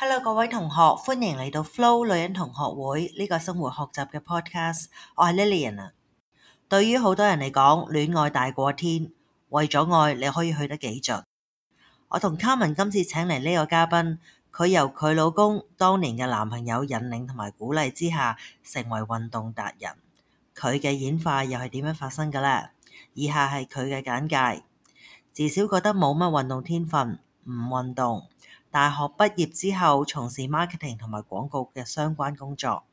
Hello，各位同學，歡迎嚟到 Flo 女人同學會呢、呢個生活學習嘅 podcast。我係 Lillian 啊。對於好多人嚟講，戀愛大過天，為咗愛，你可以去得幾盡。我同卡文今次請嚟呢個嘉賓，佢由佢老公當年嘅男朋友引領同埋鼓勵之下，成為運動達人。佢嘅演化又係點樣發生噶呢？以下係佢嘅簡介。自小覺得冇乜運動天分，唔運動。大學畢業之後，從事 marketing 同埋廣告嘅相關工作。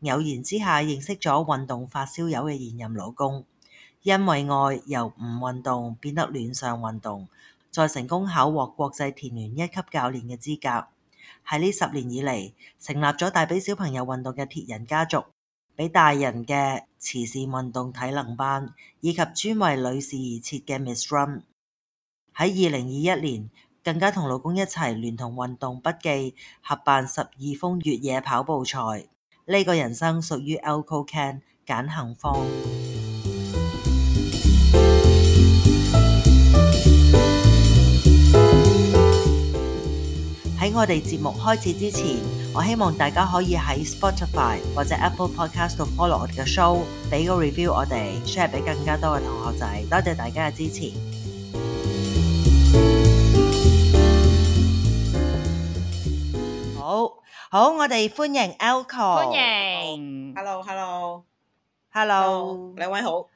偶然之下認識咗運動發燒友嘅現任老公，因為愛由唔運動變得戀上運動，再成功考獲國際田聯一級教練嘅資格。喺呢十年以嚟，成立咗帶俾小朋友運動嘅鐵人家族，俾大人嘅慈善運動體能班，以及專為女士而設嘅 Miss Run。喺二零二一年，更加同老公一齊聯同運動筆記合辦十二峰越野跑步賽，呢、這個人生屬於 Elco Kan 簡杏芳。喺 我哋節目開始之前，我希望大家可以喺 Spotify 或者 Apple Podcast 度 follow show，給我嘅 show，俾個 review，我哋 share 俾更加多嘅同學仔。多謝大家嘅支持！好好，我哋歡迎 Elco。歡迎，Hello，Hello，Hello，兩位好，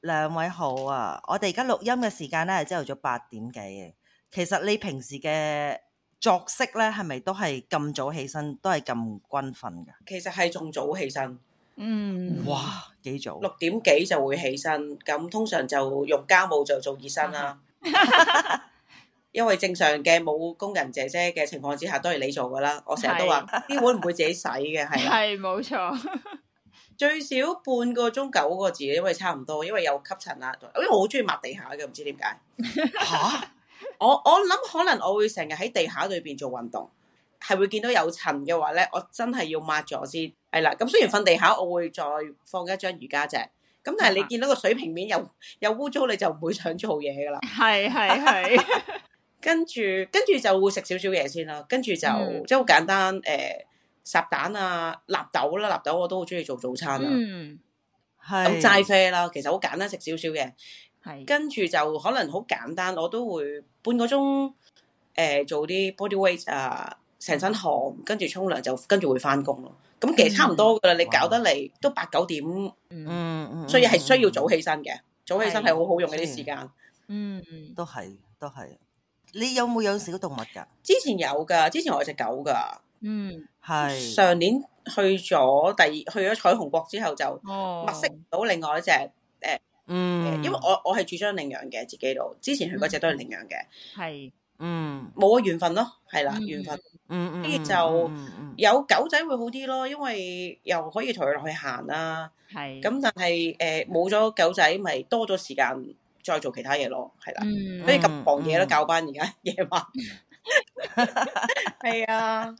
兩位好啊！我哋而家錄音嘅時間咧係朝頭早八點幾。其實你平時嘅作息咧係咪都係咁早起身，都係咁勤奮嘅？其實係仲早起身，嗯，哇，幾早？六點幾就會起身，咁通常就用家務就做熱身啦。因為正常嘅冇工人姐姐嘅情況之下，都係你做噶啦。我成日都話啲碗唔會自己洗嘅，係啊，係冇錯。最少半個鐘九個字，因為差唔多，因為有吸塵啦。哎，因為我好中意抹地下嘅，唔知點解。吓，我我諗可能我會成日喺地下裏邊做運動，係會見到有塵嘅話咧，我真係要抹咗先。係啦，咁雖然瞓地下，我會再放一張瑜伽席。咁但係你見到個水平面又又污糟，你就唔會想做嘢噶啦。係係係。跟住，跟住就會食少少嘢先啦。跟住就即係好簡單，誒，烚蛋啊，納豆啦，納豆我都好中意做早餐啊。係咁齋啡啦，其實好簡單，食少少嘅。係，跟住就可能好簡單，我都會半個鐘，誒，做啲 body weight 啊，成身汗，跟住沖涼，就跟住會翻工咯。咁其實差唔多噶啦，你搞得嚟都八九點，嗯嗯，所以係需要早起身嘅，早起身係好好用嘅啲時間。嗯，都係，都係。你有冇養小動物噶？之前有噶，之前我有隻狗噶。嗯，係上年去咗第二，去咗彩虹國之後就，物色唔到另外一隻誒，嗯，因為我我係主張領養嘅，自己度之前去嗰隻都係領養嘅，係，嗯，冇個緣分咯，係啦，緣分，跟住就有狗仔會好啲咯，因為又可以同佢落去行啦，啊，係是，咁但係誒冇咗狗仔咪多咗時間。再做其他嘢咯，係啦，所以咁忙嘢都，教班而家夜晚。係啊，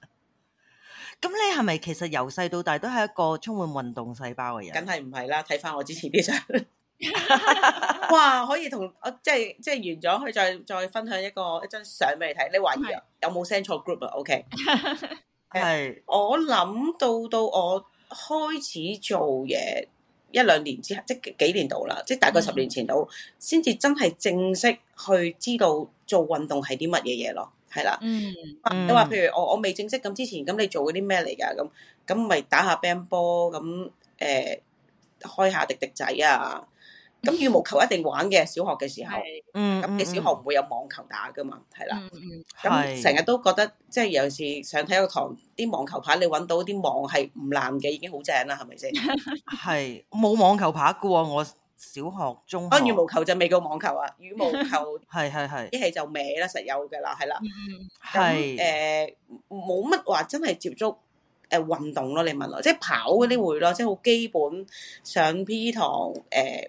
咁你係咪其實由細到大都係一個充滿運動細胞嘅人？梗係唔係啦。睇翻我之前啲相。哇，可以同我即係即係完咗，可以再再分享一個一張相俾你睇。你懷疑有冇 send 錯 group 啊？OK，係。我諗到到我開始做嘢。一兩年之，即幾年度啦，即大概十年前度，先至、嗯、真係正式去知道做運動係啲乜嘢嘢咯，係啦。你話譬如我我未正式咁之前，咁你做嗰啲咩嚟噶？咁咁咪打下 band 波，咁、呃、誒開下滴滴仔啊！咁羽毛球一定玩嘅，小學嘅時候，咁嘅小學唔會有網球打噶嘛，係啦。咁成日都覺得即係有時上體育堂，啲網球拍你揾到啲網係唔爛嘅，已經好正啦，係咪先？係冇網球拍嘅我小學中。不過羽毛球就未夠網球啊，羽毛球係係係，一係就歪啦，實有嘅啦，係啦。係誒，冇乜話真係接觸誒運動咯，你問我，即係跑嗰啲會咯，即係好基本上 P 堂誒。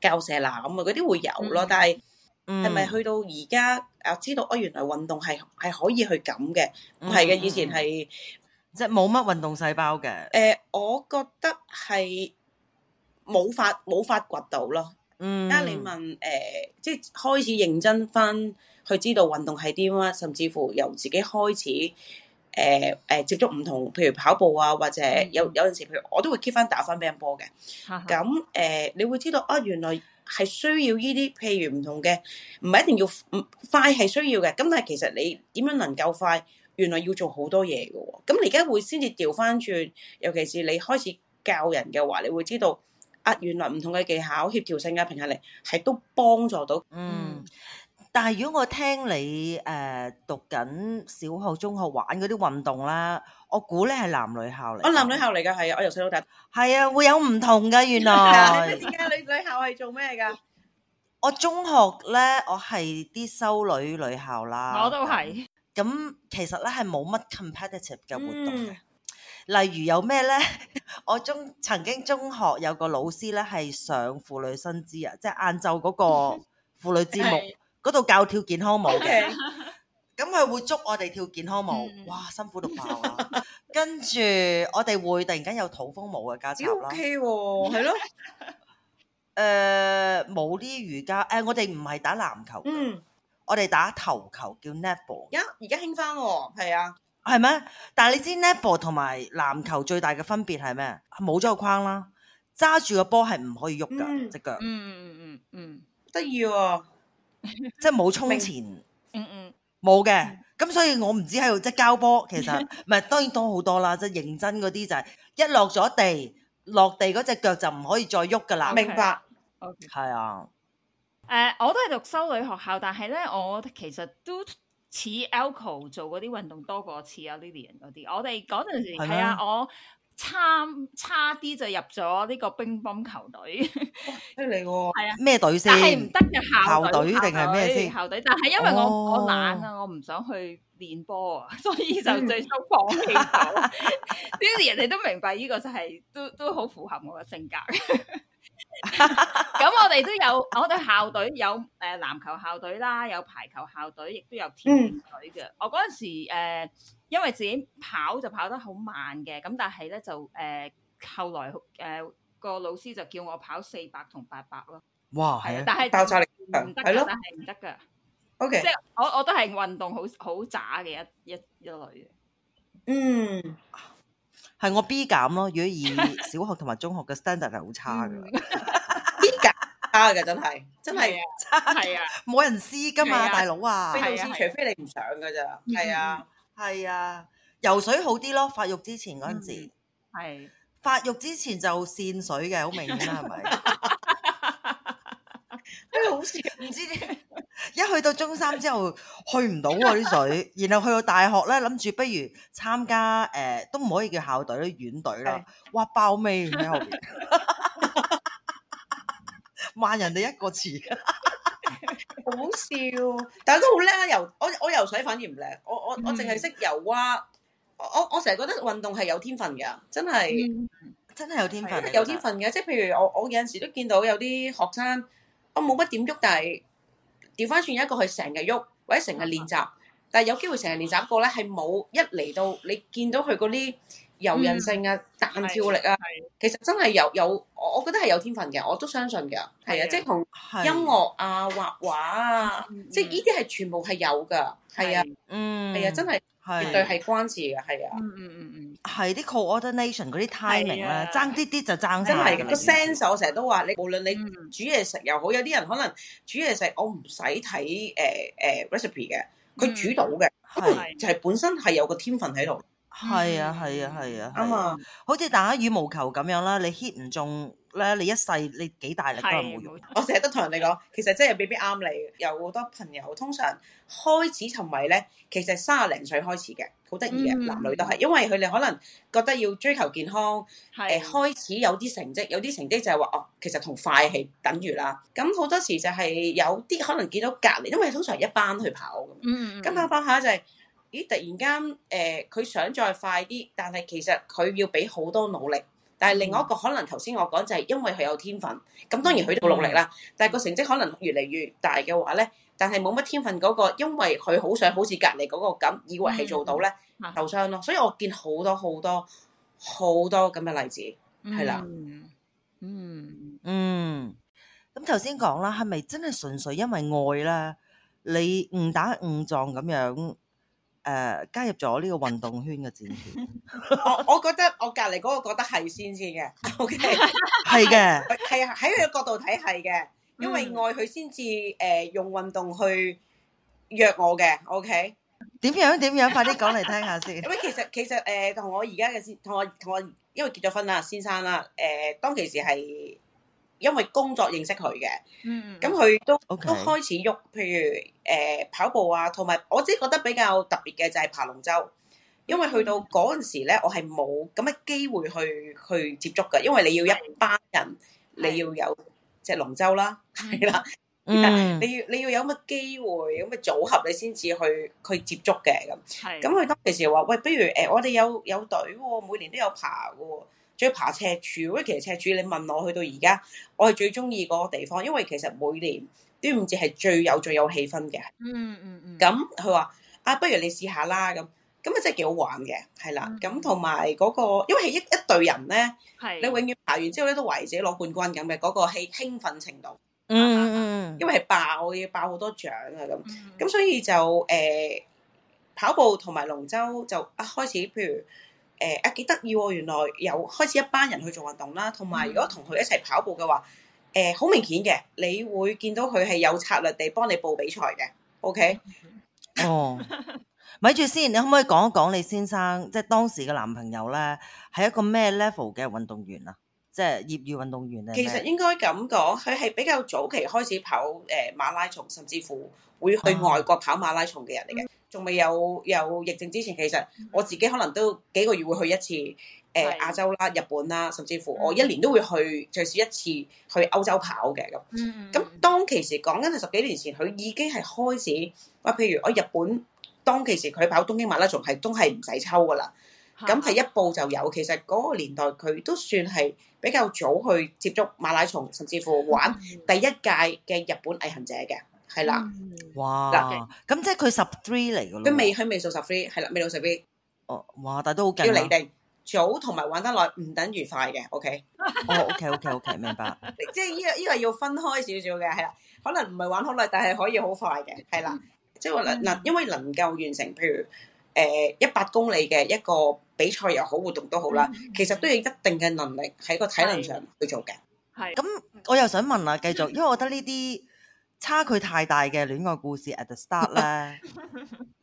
教射啦咁啊，嗰啲會有咯，嗯、但係係咪去到而家啊知道哦，原來運動係係可以去咁嘅，唔係嘅以前係、嗯嗯、即係冇乜運動細胞嘅。誒、呃，我覺得係冇發冇發掘到咯。嗯，但你問誒、呃，即係開始認真翻去知道運動係啲乜，甚至乎由自己開始。誒誒、啊啊、接觸唔同，譬如跑步啊，或者有、嗯、有陣時，譬如我都會 keep 翻打翻兵波嘅。咁誒、嗯啊，你會知道啊，原來係需要呢啲譬如唔同嘅，唔係一定要快係需要嘅。咁但係其實你點樣能夠快？原來要做好多嘢嘅。咁你而家會先至調翻轉，尤其是你開始教人嘅話，你會知道啊，原來唔同嘅技巧、協調性嘅平衡力係都幫助到嗯。嗯但係如果我聽你誒、呃、讀緊小學、中學玩嗰啲運動啦，我估咧係男女校嚟。我、哦、男女校嚟嘅係啊，我由細到大係啊，會有唔同㗎原來。咁而家女女校係做咩噶？我中學咧，我係啲修女女校啦。我都係。咁其實咧係冇乜 competitive 嘅活動嘅，例如有咩咧？ 我中曾經中學有個老師咧係上婦女新知啊，即係晏晝嗰個婦女節目。 嗰度教跳健康舞嘅，咁佢 is that? 會捉我哋跳健康舞，mm hmm. 哇，辛苦到爆啊！ 跟住我哋會突然間有土風舞嘅交叉啦。O K，係咯，誒，冇啲瑜伽誒，欸、我哋唔係打籃球,、mm. 球，嗯，我哋打頭球叫 netball。而家而家興翻喎，係啊，係咩？但係你知 netball 同埋籃球最大嘅分別係咩？冇咗個框啦，揸住個波係唔可以喐噶隻腳，嗯嗯嗯嗯，嗯、mm，得意喎。 即係冇充錢，嗯嗯，冇嘅。咁所以我唔知喺度即係交波，其實唔係， 當然多好多啦。即係認真嗰啲就係一落咗地，落地嗰隻腳就唔可以再喐噶啦。Okay. 明白，係 Okay. 啊。誒，uh, 我都係讀修女學校，但係咧，我其實都似 Elco 做嗰啲運動多過似啊 Lillian 嗰啲。我哋嗰陣時係 啊，我。差差啲就入咗呢個乒乓球隊。叻你喎！係啊、哦，咩隊先？但係唔得嘅校隊定係咩先？校隊，但係因為我、哦、我懶啊，我唔想去練波啊，所以就最終放棄咗啦。當然 人哋都明白呢個就係、是、都都好符合我嘅性格。咁 我哋都有，我哋校隊有誒呃、籃球校隊啦，有排球校隊，亦都有田徑隊嘅。嗯、我嗰陣時誒。呃因為自己跑就跑得好慢嘅，咁但係咧就誒後來誒個老師就叫我跑四百同八百咯。哇，係啊，但係爆炸力強係咯，但係唔得噶。O K，即係我我都係運動好好渣嘅一一一類嘅。嗯，係我 B 減咯。如果以小學同埋中學嘅 standard 係好差噶，B 減差嘅真係真係差，啊，冇人知噶嘛，大佬啊，除非你唔上噶咋，係啊。係啊，游水好啲咯，發育之前嗰陣時，係發、嗯、育之前就跣水嘅、 哎，好明顯啦，係咪 ？真係好笑，唔知一去到中三之後去唔到嗰啲水，然後去到大學咧，諗住不如參加誒、呃，都唔可以叫校隊啦、呃，院隊啦，是哇爆尾喺後邊，萬 人哋一個字。 好笑，但係都好叻呀，游。我我游水反而唔叻，我我我淨係識游蛙。我我成日、啊、覺得運動係有天分嘅，真係、嗯、真係有天分。是有天分嘅，即係譬如我我有陣時都見到有啲學生，我冇乜點喐，但係調翻轉一個佢成日喐，或者成日練習，但係有機會成日練習過咧，係冇一嚟，到你見到佢嗰啲。柔韌性啊，彈跳力啊，其實真係有有，我我覺得係有天分嘅，我都相信嘅，係啊，即係同音樂啊、畫畫啊，即係呢啲係全部係有㗎，係啊，嗯，係啊，真係絕對係關事嘅，係啊，嗯嗯嗯嗯，係啲 coordination 嗰啲 timing 啦，爭啲啲就爭，真係個 sense，我成日都話你，無論你煮嘢食又好，有啲人可能煮嘢食，我唔使睇誒誒 recipe 嘅，佢煮到嘅，可能就係本身係有個天分喺度。係啊係啊係啊，咁啊,啊,啊、嗯、好似打羽毛球咁樣啦，你 hit 唔中咧，你一世你幾大力都係冇用。我成日都同人哋講，其實真係未必啱你。有好多朋友通常開始沉迷咧，其實卅零歲開始嘅，好得意嘅，mm hmm. 男女都係，因為佢哋可能覺得要追求健康，誒、mm hmm. 呃、開始有啲成績，有啲成績就係話哦，其實同快係等於啦。咁好多時就係有啲可能見到隔籬，因為通常一班去跑，咁一下班跑就係。Hmm. Mm hmm. mm hmm. 咦！突然間，誒、呃，佢想再快啲，但係其實佢要俾好多努力。但係另外一個可能頭先我講就係因為佢有天分，咁當然佢都努力啦。但係個成績可能越嚟越大嘅話咧，但係冇乜天分嗰、那個，因為佢好想好似隔籬嗰個咁，以為係做到咧，受傷咯。所以我見好多好多好多咁嘅例子，係啦、嗯，嗯嗯。咁頭先講啦，係咪真係純粹因為愛啦？你誤打誤撞咁樣。誒，uh, 加入咗呢個運動圈嘅戰團，我我覺得我隔籬嗰個覺得係先先嘅，OK，係嘅 的，係啊，喺佢嘅角度睇係嘅，因為愛佢先至誒用運動去約我嘅，OK，點樣點樣，快啲講嚟聽下先。咁 其實其實誒，同、呃、我而家嘅先，同我同我，因為結咗婚啦，先生啦，誒、呃，當其時係。因為工作認識佢嘅，咁佢都都開始喐，譬如誒跑步啊，同埋我自己覺得比較特別嘅就係爬龍舟，因為去到嗰陣時咧，我係冇咁嘅機會去去接觸嘅，因為你要一班人，你要有即係龍舟啦，係啦，你要你要有乜機會，咁嘅組合你先至去去接觸嘅。咁，係咁佢當時話，喂，不如誒我哋有有隊喎，每年都有爬嘅喎。追爬赤柱，喂，其實赤柱你問我去到而家，我係最中意嗰個地方，因為其實每年端午節係最有最有氣氛嘅。嗯嗯嗯。咁佢話：啊，不如你試下啦，咁咁啊，真係幾好玩嘅，係啦。咁同埋嗰個，因為係一一隊人咧，係你永遠爬完之後咧都為自己攞冠軍咁嘅嗰個氣興奮程度。嗯嗯嗯。因為係爆我要爆好多獎啊咁。咁所以就誒跑步同埋龍舟就一開始，譬如。誒啊幾得意喎！原來有開始一班人去做運動啦，同埋如果同佢一齊跑步嘅話，誒好明顯嘅，你會見到佢係有策略地幫你報比賽嘅。OK。哦，咪住先，你可唔可以講一講你先生，即係當時嘅男朋友咧，係一個咩 level 嘅運動員啊？即係業餘運動員咧？其實應該咁講，佢係比較早期開始跑誒馬拉松，甚至乎會去外國跑馬拉松嘅人嚟嘅。哦仲未有有疫症之前，其實我自己可能都幾個月會去一次誒、呃、的亞洲啦、日本啦，甚至乎我一年都會去最少一次去歐洲跑嘅咁。咁當其時講緊，係十幾年前，佢已經係開始話，譬如我日本當其時佢跑東京馬拉松係都係唔使抽噶啦，咁係的一步就有。其實嗰個年代佢都算係比較早去接觸馬拉松，甚至乎玩第一屆嘅日本毅行者嘅。係啦，哇！咁、嗯、啦即係佢十 three 嚟噶咯，佢未喺未數十 three，係啦，未到十 three 哦，哇！但係都好緊要你定，早同埋玩得耐唔等於快嘅，OK？ 哦，OK，OK，OK，okay, okay, okay, 明白。即係依個依個要分開少少嘅，係啦，可能唔係玩好耐，但係可以好快嘅，係啦。即係話嗱，因為能夠完成，譬如誒一百公里嘅一個比賽又好，活動都好啦，嗯嗯、其實都要一定嘅能力喺個體能上去做嘅。係咁、嗯，嗯、我又想問啦，繼續，因為我覺得呢啲。差距太大嘅戀愛故事 at the start 咧，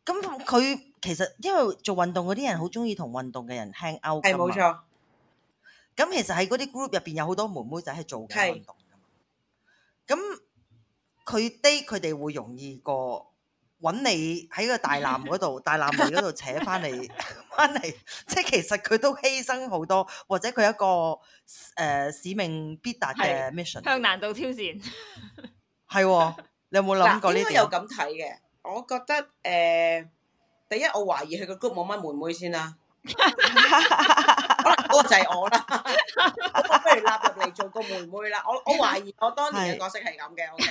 咁佢其實因為做運動嗰啲人好中意同運動嘅人 hang out< 是>。冇錯。咁其實喺嗰啲 group 入邊有好多妹妹仔係做緊運動，咁佢 date 佢哋會容易過揾你喺個大壩嗰度。 大壩地嗰度扯翻嚟翻嚟，即係 其實佢都犧牲好多，或者佢一個誒、呃、使命必達嘅 mission 向難度挑戰。 係，你有冇諗過呢？應該有咁睇嘅，我覺得誒、呃，第一我懷疑佢個 group 冇乜妹妹先啦，嗰 個就係我啦， 我不如納入嚟做個妹妹啦。我我懷疑我當年嘅角色係咁嘅，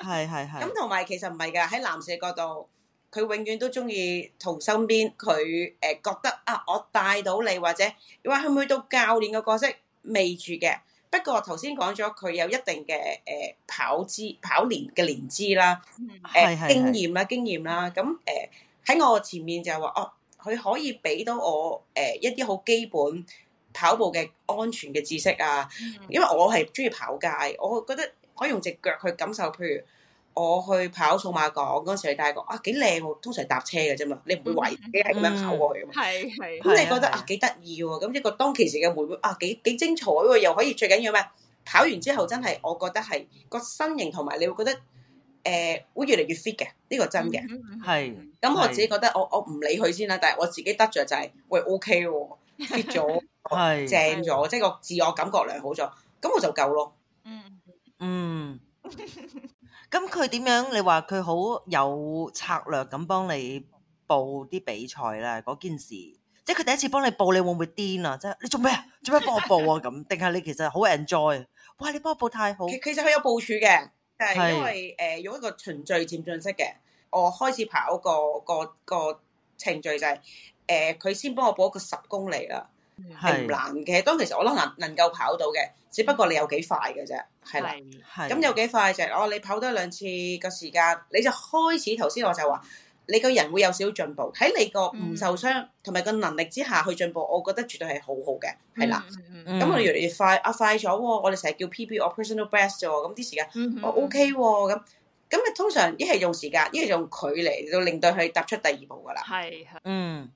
係係係。咁同埋其實唔係噶，喺男士角度，佢永遠都中意同身邊佢誒覺得啊，我帶到你或者話去唔去到教練嘅角色，未住嘅。不過頭先講咗佢有一定嘅誒、呃、跑姿，跑連連資跑年嘅年資啦，誒、呃、經驗啦經驗啦，咁誒喺我前面就係話哦，佢可以俾到我誒、呃、一啲好基本跑步嘅安全嘅知識啊，因為我係鍾意跑街，我覺得可以用隻腳去感受，譬如。我去跑數碼港嗰時，第一個啊幾靚喎，通常搭車嘅啫嘛，你唔會懷疑係咁樣跑過去嘅係係。咁、嗯、你覺得啊幾得意喎、啊？咁一個當其時嘅妹妹啊幾幾精彩喎、啊，又可以最緊要咩、啊？跑完之後真係，我覺得係個身形同埋你會覺得誒、呃、會越嚟越 fit 嘅，呢、這個真嘅。係、嗯。咁我自己覺得，我我唔理佢先啦，但係我自己得着就係，喂 OK 喎，fit 咗，係正咗，即係個自我感覺良好咗，咁我就夠咯。嗯。嗯。嗯嗯 咁佢點樣？你話佢好有策略咁幫你報啲比賽啦，嗰件事，即係佢第一次幫你報，你會唔會癲啊？即係你做咩啊？做咩幫我報啊？咁定係你其實好 enjoy？哇！你幫我報太好。其其實佢有部署嘅，就係因為誒的、呃、用一個循序漸進式嘅，我開始跑、嗰個個、嗰個程序就係、是、誒，佢、呃、先幫我報一個十公里啦。係唔難嘅，當其時我諗能能夠跑到嘅，只不過你有幾快嘅啫，係啦，係咁是、嗯、有幾快啫，就係。哦，你跑多兩次個時間，你就開始頭先我就話你個人會有少少進步，喺你個唔受傷同埋個能力之下去進步，我覺得絕對係好好嘅，係啦。咁我越嚟越快啊，快咗，哦，我哋成日叫 PB or personal best 啫，嗯。咁，嗯，啲時間我 OK 喎，咁咁咪通常一係用時間，一係用距離，就令到佢踏出第二步噶啦。係，嗯，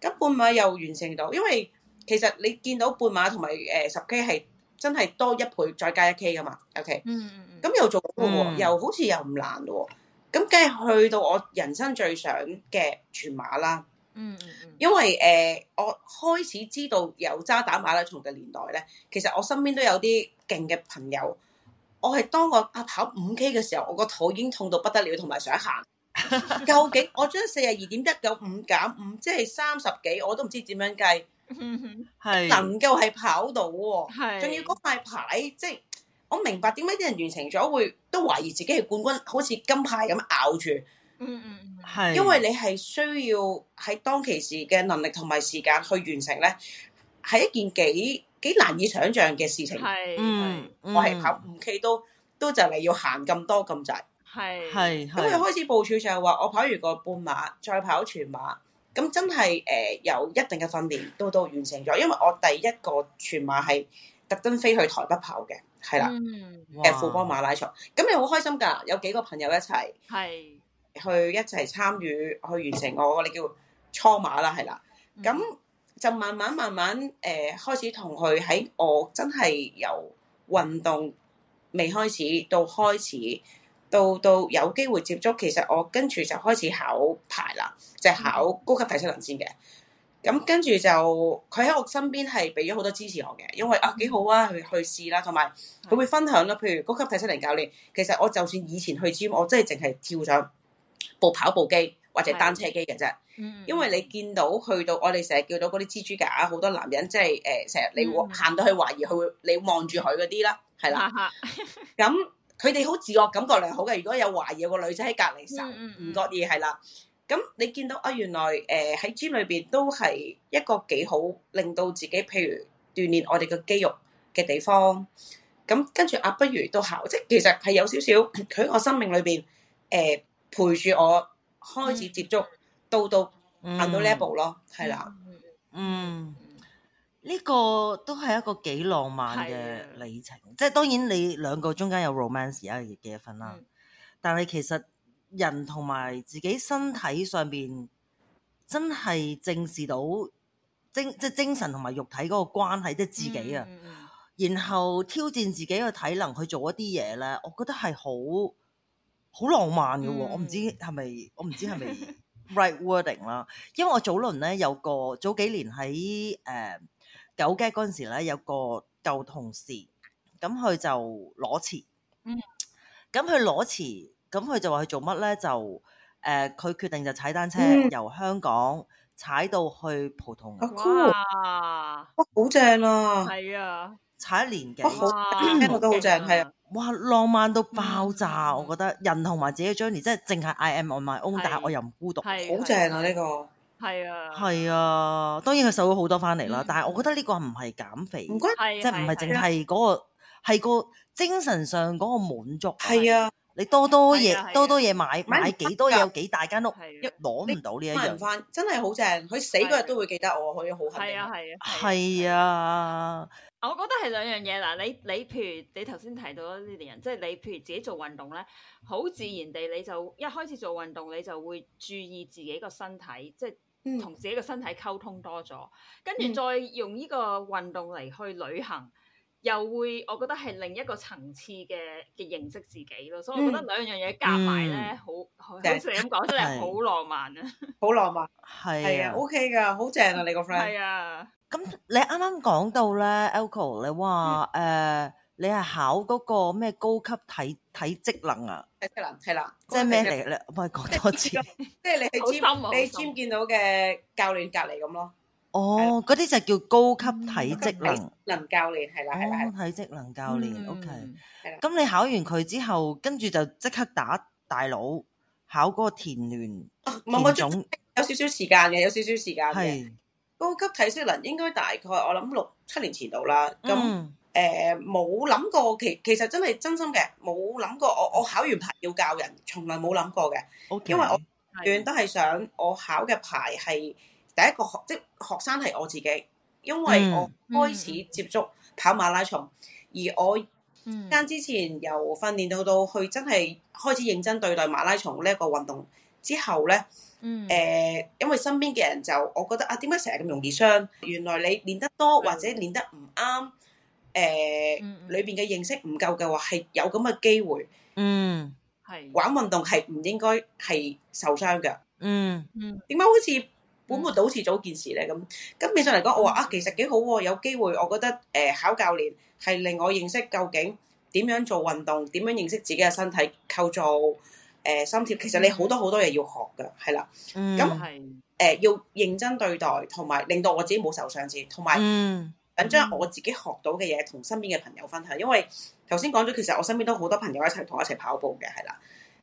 根本咪又完成到，因為。其實你見到半馬同埋誒十 K 係真係多一倍，再加一 K 噶嘛？O K，嗯咁又做嘅喎、啊，又好似又唔難喎、啊。咁梗係去到我人生最想嘅全馬啦。嗯、mm，hmm. 因為誒、呃，我開始知道有渣打馬拉松嘅年代咧，其實我身邊都有啲勁嘅朋友。我係當我啊跑五 K 嘅時候，我個肚已經痛到不得了，同埋想行。 究竟我將四廿二點一九五減五，5, 即係三十幾，我都唔知點樣計。嗯哼，係 能夠係跑到喎，係仲要嗰塊牌，即係我明白點解啲人完成咗，會都懷疑自己係冠軍，好似金牌咁咬住，嗯嗯，係 是 因為你係需要喺當其時嘅能力同埋時間去完成咧，係一件幾幾難以想象嘅事情，係嗯 是 是 我係跑五 K 都都就嚟要行咁多咁滯，係係咁佢開始部署就係話我跑完個半馬再跑全馬。咁真係誒、呃、有一定嘅訓練都都完成咗，因為我第一個全馬係特登飛去台北跑嘅，係啦，誒、嗯呃、富邦馬拉松。咁你好開心㗎，有幾個朋友一齊，係的去一齊參與去完成我個你叫初馬啦，係啦。咁、嗯、就慢慢慢慢誒、呃、開始同佢喺我真係由運動未開始到開始。到到有機會接觸，其實我跟住就開始考牌啦，就係、考高級體適能先嘅。咁、嗯、跟住就佢喺我身邊係俾咗好多支持我嘅，因為啊幾好啊，去去試啦，同埋佢會分享啦。譬如高級體適能教練，其實我就算以前去 gym，我真係淨係跳上部跑步機或者單車機嘅啫。嗯、因為你見到去到我哋成日叫到嗰啲蜘蛛架，好多男人即係誒成日你會行到去懷疑佢，你望住佢嗰啲啦，係啦，咁。 佢哋好自我感覺良好嘅，如果有懷疑有個女仔喺隔離受唔覺意係啦，咁你見到啊原來誒喺 gym 裏邊都係一個幾好令到自己，譬如鍛鍊我哋嘅肌肉嘅地方，咁跟住啊不如都考，即係其實係有少少佢喺我生命裏邊誒陪住我開始接觸到到行、嗯嗯嗯、到呢一步咯，係啦、嗯，嗯。呢個都係一個幾浪漫嘅旅程，的即係當然你兩個中間有 romance 而家結婚啦，嗯、但係其實人同埋自己身體上邊真係正視到精、嗯、即係精神同埋肉體嗰個關係，即、就、係、是、自己啊，嗯、然後挑戰自己個體能去做一啲嘢咧，我覺得係好好浪漫嘅喎、哦。嗯、我唔知係咪 我唔知係咪 right wording 啦，因為我早輪咧有個早幾年喺誒。嗯九街嗰時咧，有個舊同事，咁佢就裸辭，嗯，咁佢裸辭，咁佢就話去做乜咧？就誒，佢、呃、決定就踩單車、嗯、由香港踩到去葡萄牙，哇，哇，好正啊！係啊，踩一年幾，哇，都好正，係啊，哇，浪漫到爆炸，嗯、我覺得人同埋自己 journey 即係淨係 I am on my own，是但係我又唔孤獨，是好正啊、呢個！呢個係啊，係啊，當然佢瘦咗好多翻嚟啦。但係我覺得呢個唔係減肥，唔關，即係唔係淨係嗰個，係個精神上嗰個滿足。係啊，你多多嘢，多多嘢買，買幾多嘢，有幾大間屋，一攞唔到呢一樣。翻真係好正，佢死嗰日都會記得我，可以好係啊係啊係啊。我覺得係兩樣嘢嗱，你你譬如你頭先提到呢啲人，即係你譬如自己做運動咧，好自然地，你就一開始做運動你就會注意自己個身體，即係。同、嗯、自己個身體溝通多咗，跟住再用呢個運動嚟去旅行，嗯、又會我覺得係另一個層次嘅嘅認識自己咯，所以我覺得兩樣嘢夾埋咧，好好似你咁講是真係好浪漫啊，好浪漫，係啊，O K 噶，好正，okay、啊，你個 friend，係啊，咁你啱啱講到咧 Elco 你話誒。嗯 uh, 你係考嗰個咩高級體體適能啊？體適能係啦，即係咩嚟？唔係講多次，即係你係專你專見到嘅教練隔籬咁咯。哦，嗰啲就叫高級體適能，能教練係啦係啦，體適能教練。O K，咁你考完佢之後，跟住就即刻打大佬考嗰個田聯。冇冇，有少少時間嘅，有少少時間嘅。高級體適能應該大概我諗六七年前到啦。咁誒，冇諗過，其其實真係真心嘅冇諗過我。我我考完牌要教人，從來冇諗過嘅。Okay. 因為我永遠都係想我考嘅牌係第一個學，即學生係我自己。因為我開始接觸跑馬拉松，mm hmm. 而我間之前、mm hmm. 由訓練到到去，真係開始認真對待馬拉松呢一個運動之後咧。嗯、mm hmm. 呃，因為身邊嘅人就我覺得啊，點解成日咁容易傷？原來你練得多或者練得唔啱。誒、呃，裏邊嘅認識唔夠嘅話，係有咁嘅機會，嗯嗯。嗯，係玩運動係唔應該係受傷嘅。嗯嗯，點解好似本末倒置咗件事咧？咁咁變相嚟講，我話啊，其實幾好，啊，有機會。我覺得誒、呃，考教練係令我認識究竟點樣做運動，點樣認識自己嘅身體構造。誒、呃，心跳，其實你好多好多嘢要學嘅，係啦。嗯，咁係誒，要認真對待，同埋令到我自己冇受傷先。同埋，嗯。緊將我自己學到嘅嘢，同身邊嘅朋友分享。因為頭先講咗，其實我身邊都好多朋友一齊同我一齊跑步嘅，係啦。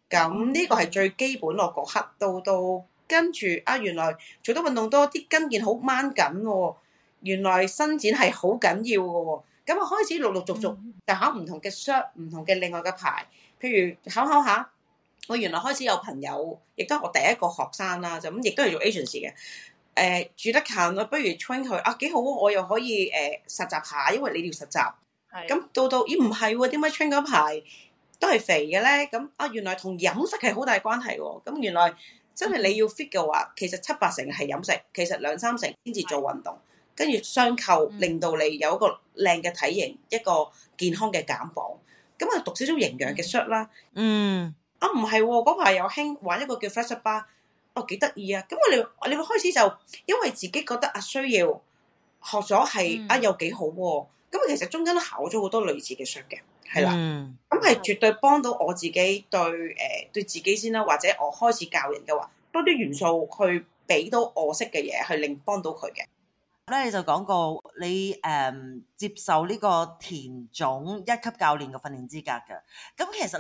咁呢個係最基本咯。嗰刻到到跟住啊，原來做咗運動多，啲跟腱好掹緊喎、哦。原來伸展係好緊要嘅喎、哦。咁我開始陸陸續續就考唔同嘅 shop，唔同嘅另外嘅牌。譬如考考下，我原來開始有朋友，亦都係我第一個學生啦，就咁，亦都係做 agency 嘅。誒、呃、住得近，我不如 train 佢啊，幾好，我又可以誒、呃、實習下，因為你要實習。係是的。咁到到咦唔係喎，點解 train 嗰排都係肥嘅咧？咁啊原來同飲食係好大關係喎。咁、啊、原來真係你要 fit 嘅話，其實七八成係飲食，其實兩三成先至做運動，跟住相扣，令到你有一個靚嘅體型，是的 嗯、一個健康嘅減磅。咁啊讀少少營養嘅書啦。嗯啊。啊唔係喎，嗰排有興玩一個叫 Fresh Bar。哦，幾得意啊！咁我哋會開始就因為自己覺得啊需要學咗係、嗯、啊又幾好喎、啊，咁其實中間考咗好多類似嘅術嘅，係啦，咁係、嗯、絕對幫到我自己對誒、呃、對自己先啦、啊，或者我開始教人嘅話，多啲元素去俾到我識嘅嘢，去令幫到佢嘅。呃，你就講過，你，um，接受這個田總一級教練的訓練資格的。咁其實，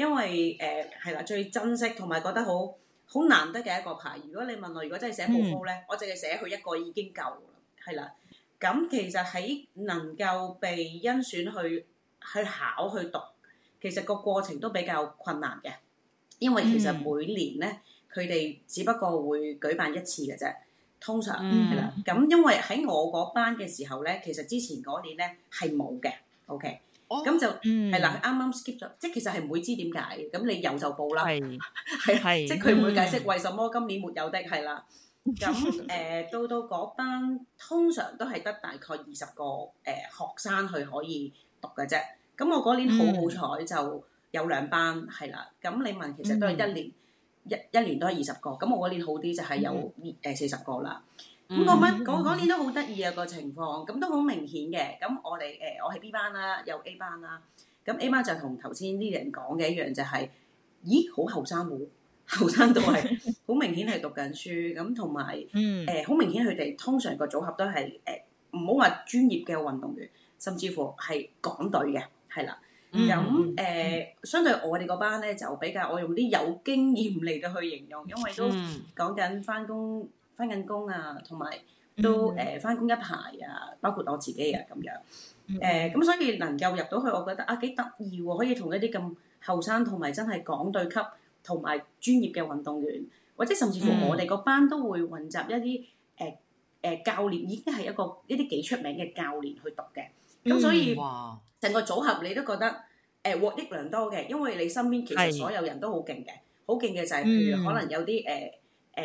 因為誒係啦，最珍惜同埋覺得好好難得嘅一個牌。如果你問我，如果真係寫報告咧，嗯、我淨係寫佢一個已經夠啦。係啦，咁其實喺能夠被甄選去去考去讀，其實個過程都比較困難嘅。因為其實每年咧，佢哋只不過會舉辦一次嘅啫。通常係啦。咁因為喺我嗰班嘅時候咧，其實之前嗰年咧係冇嘅。O K。咁就係、嗯、啦，啱啱 skip 咗，即係其實係唔會知點解嘅。咁你有就報啦，係， 即係佢唔會解釋為什麼今年沒有的，係、嗯、啦。咁、嗯、誒 到到嗰班，通常都係得大概二十個誒、呃、學生去可以讀嘅啫。咁我嗰年好好彩就有兩班，係、嗯、啦。咁你問其實都係一年、嗯、一一年都係二十個。咁我嗰年好啲就係有誒四十個啦。嗯咁嗰班嗰年都好得意啊個情況，咁都好明顯嘅。咁我哋誒、呃、我係 B 班啦，有 A 班啦。咁 A 班就同頭先啲人講嘅一樣，就係、是，咦好後生喎，後生都係好明顯係讀緊書。咁同埋誒好明顯佢哋通常個組合都係誒唔好話專業嘅運動員，甚至乎係港隊嘅，係啦。咁誒、呃、相對我哋嗰班咧就比較，我用啲有經驗嚟到去形容，因為都講緊翻工。翻緊工啊，同埋都誒翻工一排啊，包括我自己啊咁樣誒，咁、呃嗯嗯嗯、所以能夠入到去，我覺得啊幾得意喎，可以同一啲咁後生同埋真係港隊級同埋專業嘅運動員，或者甚至乎我哋個班都會混集一啲誒誒教練，已經係一個一啲幾出名嘅教練去讀嘅，咁、嗯嗯嗯、所以成個組合你都覺得誒獲益良多嘅，因為你身邊其實所有人都好勁嘅，好勁嘅就係譬如可能有啲誒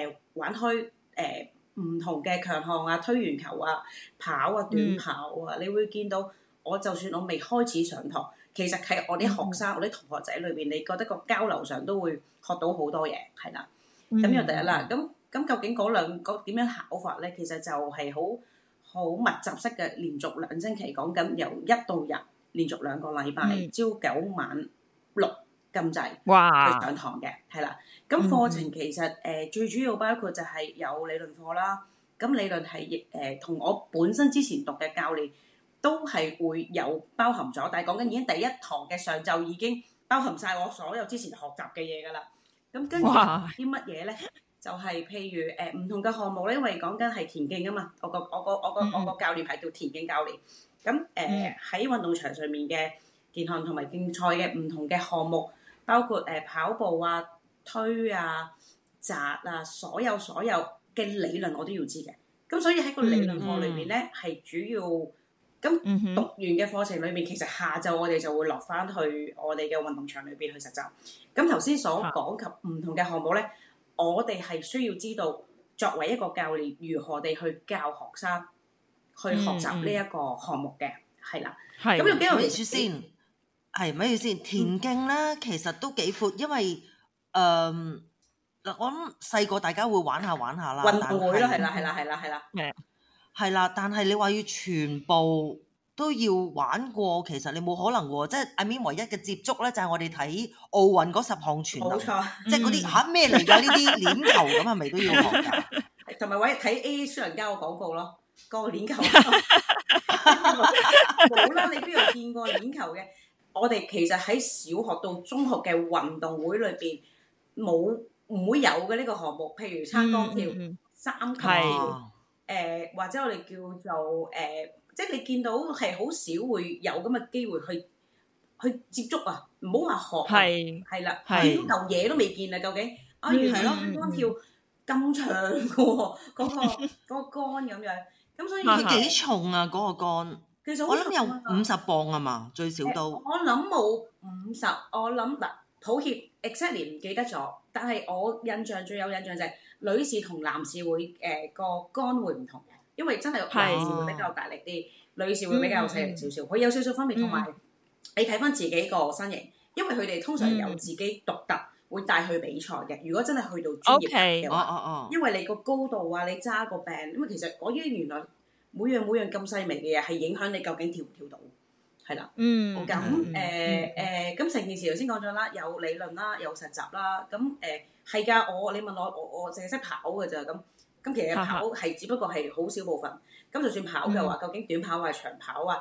誒玩虛。嗯誒、欸、唔同嘅強項啊，推圓球啊，跑啊，短跑啊，你會見到我就算我未開始上堂，其實係我啲學生、嗯、我啲同學仔裏邊，你覺得個交流上都會學到好多嘢，係啦。咁又第一啦，咁咁、嗯嗯、究竟嗰兩個點樣考法咧？其實就係好好密集式嘅，連續兩星期講緊，由一到日，連續兩個禮拜，朝九晚六。咁滯哇去上堂嘅係啦，咁課程其實誒、嗯呃、最主要包括就係有理論課啦，咁理論係誒、呃、同我本身之前讀嘅教練都係會有包含咗。但係講緊已經第一堂嘅上晝已經包含晒我所有之前學習嘅嘢㗎啦。咁跟住啲乜嘢咧？就係、是、譬如誒唔、呃、同嘅項目咧，因為講緊係田徑啊嘛，我個我個我個、嗯、我個教練係叫田徑教練。咁誒喺運動場上面嘅健康，健康同埋競賽嘅唔同嘅項目。包括誒、呃、跑步啊、推啊、擲啊，所有所有嘅理論我都要知嘅。咁所以喺個理論課裏邊咧，係、mm hmm. 主要咁讀完嘅課程裏面，其實下晝我哋就會落翻去我哋嘅運動場裏邊去實習。咁頭先所講及唔同嘅項目咧，mm hmm. 我哋係需要知道作為一個教練如何地去教學生去學習呢一個項目嘅，係啦、mm。咁有你邊個先？係咪意思？田徑咧，其實都幾闊，因為誒、嗯，我諗細個大家會玩下玩下啦。運動係啦，係啦，係啦，係啦，係啦，係啦。但係你話要全部都要玩過，其實你冇可能喎。即係阿咪唯一嘅接觸咧，就係、是、我哋睇奧運嗰十項全能。冇錯，即係嗰啲吓咩嚟㗎？呢啲、嗯、鏈球咁係咪都要學㗎？同埋偉睇 A A 商人家嘅廣告咯，嗰、那個鏈球冇啦， 你邊度見過鏈球嘅？我哋其實喺小學到中學嘅運動會裏邊，冇唔會有嘅呢個項目，譬如撐杆跳、嗯、三級跳、啊的呃，或者我哋叫做誒、呃，即係你見到係好少會有咁嘅機會去去接觸啊！唔好話學係係啦，係一嚿嘢都未見啊！究竟啊，係咯，撐杆跳咁長嘅喎，嗰個嗰個杆咁樣，咁所以佢幾重啊？嗰、嗰個杆？其實、啊、我諗有五十磅啊嘛，最少都。我諗冇五十，我諗嗱，抱歉，exactly 唔記得咗。但係我印象最有印象就係女士同男士會誒、呃、個杆會唔同嘅，因為真係男士會比較大力啲，是哦、女士會比較細型少少。佢、嗯、有少少分別同埋你睇翻自己個身形，因為佢哋通常有自己獨特會帶去比賽嘅。如果真係去到專業嘅，因為你個高度啊，你揸個柄，因為其實我已經原來。每樣每樣咁細微嘅嘢係影響你究竟跳唔跳到，係啦。嗯。咁誒誒，咁成件事頭先講咗啦，有理論啦，有實習啦。咁誒係㗎，我你問我，我我淨係識跑嘅咋咁？咁其實跑係、嗯、只不過係好少部分。咁就算跑嘅話，嗯、究竟短跑或者、長跑啊，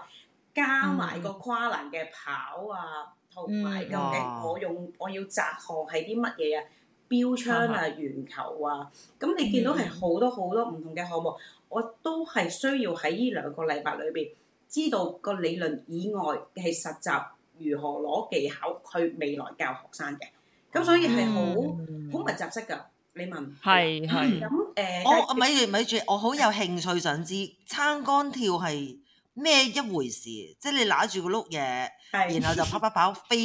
加埋個跨欄嘅跑啊，同埋、嗯、究竟我用我要擲項係啲乜嘢啊？標槍啊、鉛球啊，咁你見到係好多好多唔同嘅項目。嗯嗯我都係需要喺呢兩個禮拜裏邊，知道個理論以外係實習如何攞技巧去未來教學生嘅。咁所以係好好密集式噶。你問係係咁誒？我咪住咪住，我好有興趣想知撐杆跳係咩一回事？即係你揦住個碌嘢，的然後就跑跑跑飛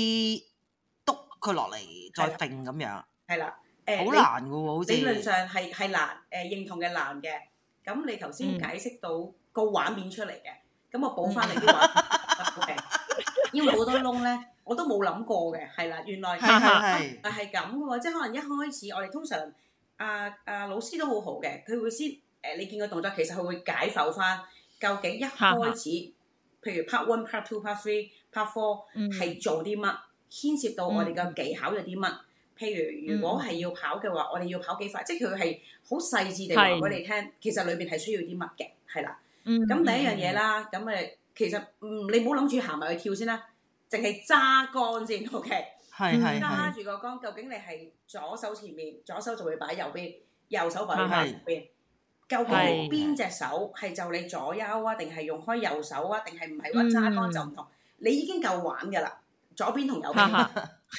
篤佢落嚟，再揈咁樣。係啦，呃、好難嘅喎，理你好像 論上係係難誒、呃，認同嘅難嘅。咁你頭先解釋到個畫面出嚟嘅，咁、嗯、我補翻你啲畫，嗯、 因為好多窿咧，我都冇諗過嘅，係啦，原來係咁嘅喎，即係可能一開始我哋通常，啊啊老師都好好嘅，佢會先誒、呃、你見個動作，其實佢會解手翻，究竟一開始， 譬如 part one、part two、part three、part four 係、嗯、做啲乜，牽涉到我哋嘅技巧有啲乜。嗯譬如如果係要跑嘅話，我哋要跑幾快？即係佢係好細緻地話俾你聽，其實裏邊係需要啲乜嘅，係啦。咁第一樣嘢啦，咁誒，其實你唔好諗住行埋去跳先啦，淨係揸竿先，O.K.，揸住個竿，究竟你係左手前面，左手就會擺右邊，右手擺左邊，究竟邊隻手係就你左右啊，定係用開右手啊，定係唔係話揸竿就唔同？你已經夠玩㗎啦，左邊同右邊，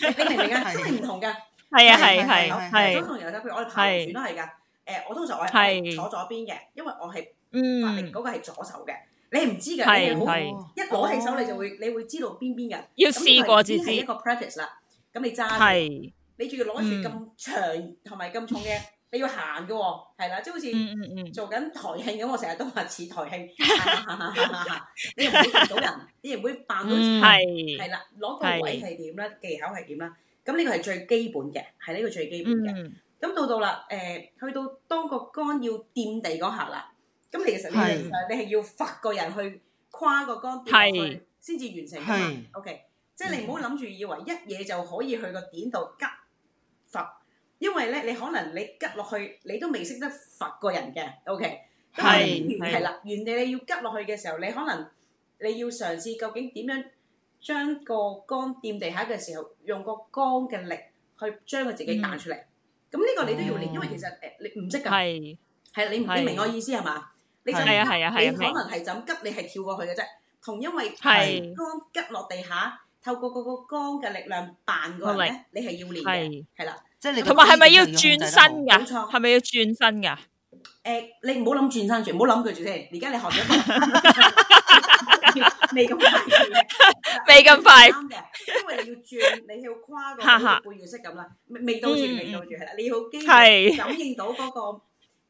你明唔明啊？真係唔同㗎。係啊，係係係，咁同然後咧，譬、哎哎、如我哋排舞都係噶。誒，嗯呃、我通常我係坐咗邊嘅，因為我係發力嗰個係左手嘅，你唔知嘅，你係好、哦、一攞起手你就會，你會知道邊邊嘅。要試過先那 electric 知是。一個 practice 啦，咁你揸，你仲要攞住咁長同埋咁重嘅，你要行㗎喎，係啦，即係好似做緊台慶咁，我成日都話似台慶， 你又唔會撞到人，你又唔會扮到，係啦是，攞個位係點啦，是技巧係點啦。咁呢個係最基本嘅，係呢個最基本嘅。咁、嗯、到到啦，誒、呃，去到當個杆要掂地嗰下啦，咁其是實你係要伏個人去跨個杆掂佢先至完成嘅是 OK，即係你唔好諗住以為一嘢就可以去個點度急伏，因為咧你可能你急落去，你都未識得伏個人嘅。OK，係係啦，嗯、是原地你要急落去嘅時候，你可能你要嘗試究竟點樣。將個桿掂地下嘅時候，用個桿嘅力去將佢自己彈出嚟。咁呢個你都要練，因為其實誒你唔識噶，係你唔你明我意思係嘛？你係啊係啊係可能係就咁吉，你係跳過去嘅啫。同因為係桿吉落地下，透過嗰個桿嘅力量彈過嚟，你係要練嘅。係啦，即係同埋係咪要轉身噶？冇錯，係咪要轉身噶？誒，你唔好諗轉身住，唔好諗佢住先。而家你學咗。未咁 麼快，未咁快，啱嘅，因為你要轉，你要跨個半半月式咁啦，未到住，未到住係啦，你好基本感應到嗰、嗰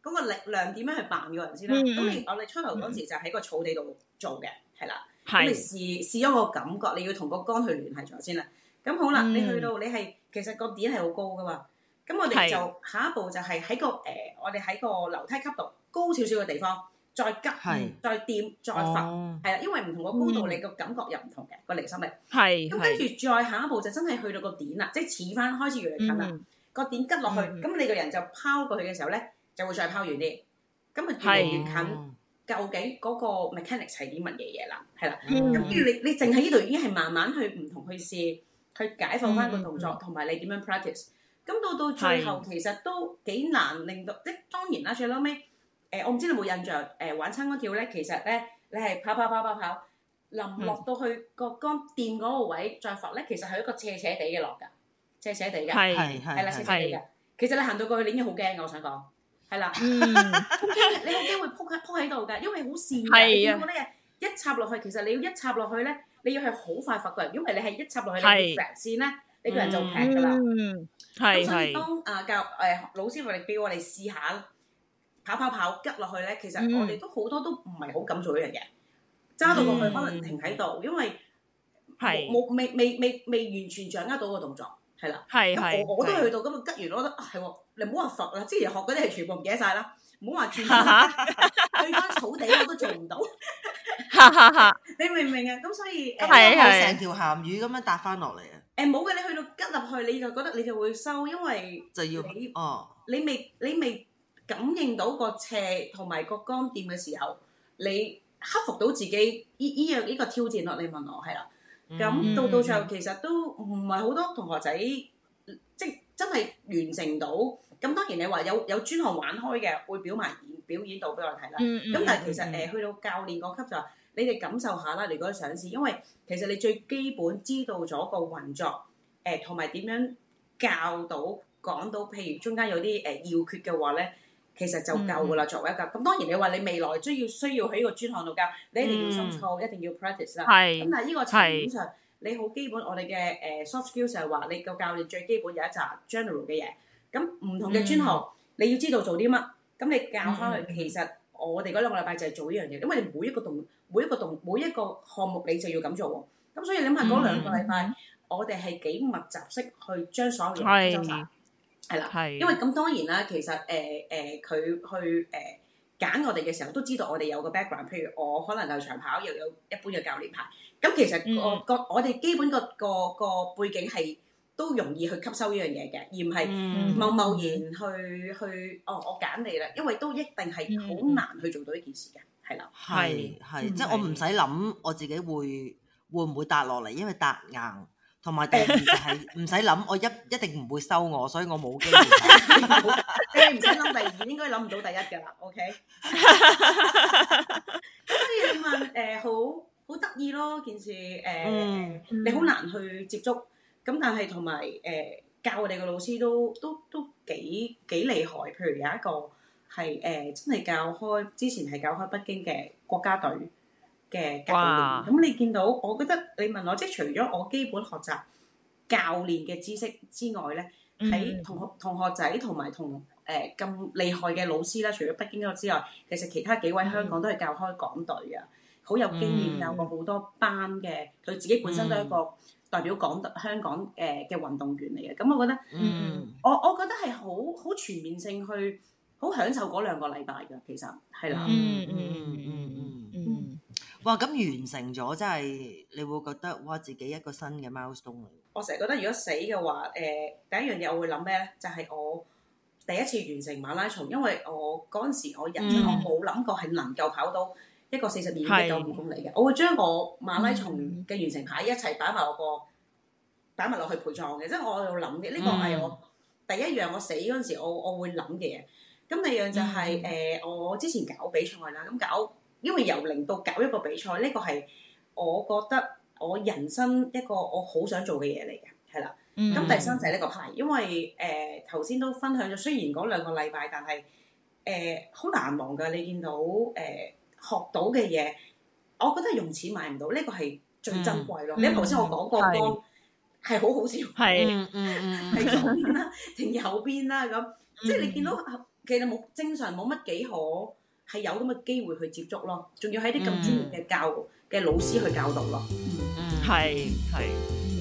個、嗰個力量點樣去扮個人先啦。咁、嗯嗯、我哋初頭嗰時就喺個草地度做嘅，係啦，咁是 你試試一個感覺，你要同個杆去聯繫咗先啦。咁好啦，嗯、你去到你係其實個點係好高噶嘛，咁我哋就下一步就係喺個誒、呃，我哋喺個樓梯級度高少少嘅地方。再急，再掂，再浮，係啦，因為唔同個高度，你個感覺又唔同嘅個離心力。係，咁跟住再下一步就真係去到個點啦，即係似翻開始越嚟近啦。個點急落去，咁你個人就拋過去嘅時候咧，就會再拋遠啲。咁啊越嚟越近，究竟嗰個 mechanics 係啲乜嘢嘢啦？係啦，咁跟住你你淨係呢度已經係慢慢去唔同去試，去解放翻個動作，同埋你點樣 practice。咁到到最後其實都幾難令到，即係當然啦，最嬲尾。誒，我唔知你有冇印象？誒，玩撐杆跳咧，其實咧，你係跑跑跑跑跑，臨落到去個杆墊嗰個位再伏咧，其實係一個斜斜地嘅落㗎，斜斜地嘅，係啦，斜斜地嘅。其實你行到過去，你已經好驚，我想講，係啦，你有機會仆一仆喺度㗎，因為好跣㗎。係啊。你嗰嘢一插落去，其實你要一插落去咧，你要係好快伏過人，因為你係一插落去，你條石線咧，你個人就唔平㗎啦。嗯，係所以當啊教誒老師嚟俾我哋試下。跑跑跑，吉落去咧，其實我哋都好多都唔係好敢做呢樣嘢，揸到落去可能停喺度，因為係冇未未未未完全掌握到個動作，係啦，係我都去到咁啊，吉完攞得係，你唔好話浮啦，之前學嗰啲係全部唔記得晒啦，唔好話轉去翻草地我都做唔到，你明唔明啊？咁所以，咁係係成條鹹魚咁樣搭翻落嚟啊！誒，冇嘅，你去到吉入去，你就覺得你就會收，因為就要哦，你未你未。感應到個斜同埋個光點嘅時候，你克服到自己呢呢樣呢個挑戰咯？你問我係啦，咁、嗯、到到最後其實都唔係好多同學仔，即真係完成到。咁當然你話有有專項玩開嘅，會表埋表演到俾我睇啦。咁、嗯嗯、但係其實誒、嗯、去到教練個級就，你哋感受下啦。你如果你想試，因為其實你最基本知道咗個運作，誒同埋點樣教到講到，譬如中間有啲誒要訣嘅話咧。其實就夠㗎啦，嗯、作為一個。咁當然你話你未來需要需要喺個專項度教，你一定要操，嗯、一定要 practice 啦。係是。咁但係呢個層面上，是你好基本我哋嘅誒 soft skills 就係話，你個教練最基本有一集 general 嘅嘢。咁唔同嘅專項，嗯、你要知道做啲乜。咁你教翻佢，嗯、其實我哋嗰兩個禮拜就係做依樣嘢，因為你每一個動每一個動每一個項目，你就要咁做喎。咁所以你諗下嗰兩個禮拜，我哋係幾密集式去將所有嘢都收曬。係啦，因為咁當然啦，其實誒誒佢去誒揀、呃、我哋嘅時候都知道我哋有個 background，譬如我可能就長跑又有一般嘅教練牌，咁其實、嗯、個個我哋基本個個個背景係都容易去吸收呢樣嘢嘅，而唔係貿貿然去去哦，我揀你啦，因為都一定係好難去做到呢件事嘅，係啦，係係即係我唔使諗我自己會會唔會搭落嚟，因為搭硬。同埋第二就係唔使諗，我一一定唔會收我，所以我冇機會。 你唔使諗第二，應該諗唔到第一㗎啦。OK。所以你話誒好好得意咯件事誒，呃嗯、你好難去接觸。咁但係同埋誒教我哋嘅老師都都都幾幾厲害。譬如有一個係誒、呃、真係教開，之前係教開北京嘅國家隊嘅教練，咁哇你見到，我覺得你問我，即係除咗我基本學習教練嘅知識之外咧，喺、嗯、同學同學仔同埋同誒咁厲害嘅老師啦，除咗北京嗰個之外，其實其他幾位香港都係教開港隊啊，好、嗯、有經驗，教過好多班嘅，佢、嗯、自己本身都係一個代表港香港誒嘅運動員嚟嘅，咁、嗯、我覺得，嗯、我我覺得係好好全面性去，好享受嗰兩個禮拜㗎，其實係啦，嗯嗯嗯。嗯嗯。哇！咁完成咗，真係你會覺得哇，自己一個新嘅 milestone 嚟。我成日覺得如果死嘅話，誒、呃、第一樣嘢我會諗咩咧？就係、是、我第一次完成馬拉松，因為我嗰陣時我人生、嗯、我冇諗過係能夠跑到一個四十二點九五公里嘅。是我會將我馬拉松嘅完成牌一齊擺埋落個擺埋落去陪葬嘅，即係我有諗嘅呢個係我、嗯、第一樣我死嗰陣時我我會諗嘅嘢。咁第二樣就係、是、誒、嗯呃、我之前搞比賽啦，咁搞。因為由零到搞一個比賽，呢、這個係我覺得我人生一個我好想做嘅嘢嚟嘅，係啦。咁、嗯、第三就係呢個 part 因為誒頭先都分享咗，雖然嗰兩個禮拜，但係誒好難忘噶。你見到誒、呃、學到嘅嘢，我覺得用錢買唔到，呢、這個係最珍貴咯。嗯、你頭先我講過個係好好笑，係嗯係、嗯、 左邊啦、啊，定右邊啦咁，即係你見到其實冇正常冇乜幾好。係有咁嘅機會去接觸咯，仲要喺啲咁專業嘅教嘅老師去教導咯。嗯，係係，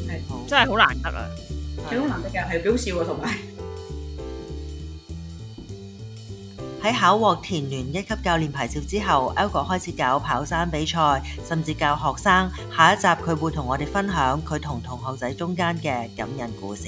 係真係好難得啊！係好難得嘅，係幾好笑啊！同埋喺考獲田聯一級教練牌照之後，Elco 開始搞跑山比賽，甚至教學生。下一集佢會同我哋分享佢同同學仔中間嘅感人故事。